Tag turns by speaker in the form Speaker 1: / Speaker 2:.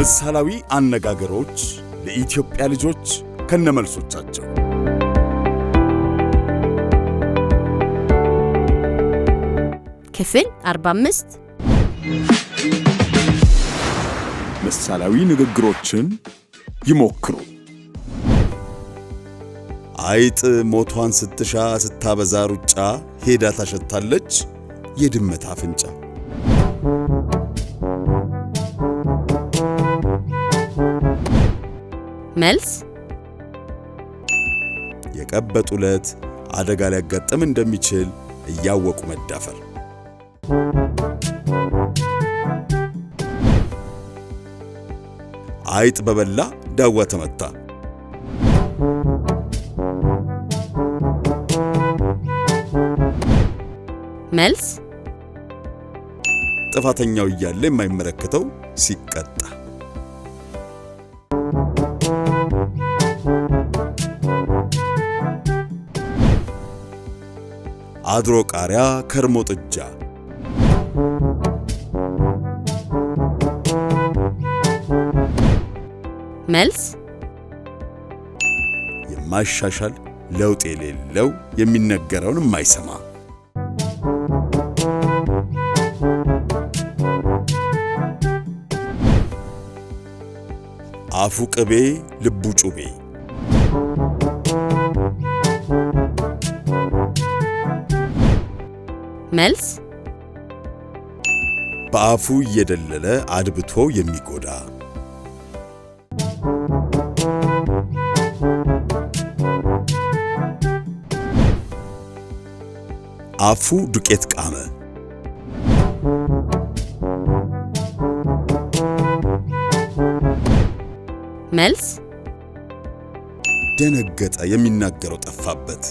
Speaker 1: ምሳሌያዊ አነጋገሮች ለኢትዮጵያ ልጆች ከነመልሶቻቸው
Speaker 2: ክፍል 45
Speaker 1: ምሳሌያዊ ንግግሮችን ይሞክሩ። አይጥ ሞቷን ስትሻ ስታበዛ ሩጫ ሄዳ ታሸታለች የድመት አፍንጫ። መልስ የቀበጡ ዕለት አደጋ ሊያጋጥም እንደሚችል እያወቁ መዳፈር። አይጥ በበላ ዳዋ ተመታ። መልስ ጥፋተኛው እያለ የማይመለከተው ሲቀጣ አድሮ ቃሪያ ከርሞ ጥጃ መልስ የማይሻሻል ለውጥ የሌለው የሚነገረውን የማይሰማ አፉ ቅቤ ልቡ ጩቤ መልስ በአፉ እየደለለ አድብቶ የሚጎዳ አፉ ዱቄት ቃመ። መልስ ደነገጠ፣ የሚናገረው ጠፋበት።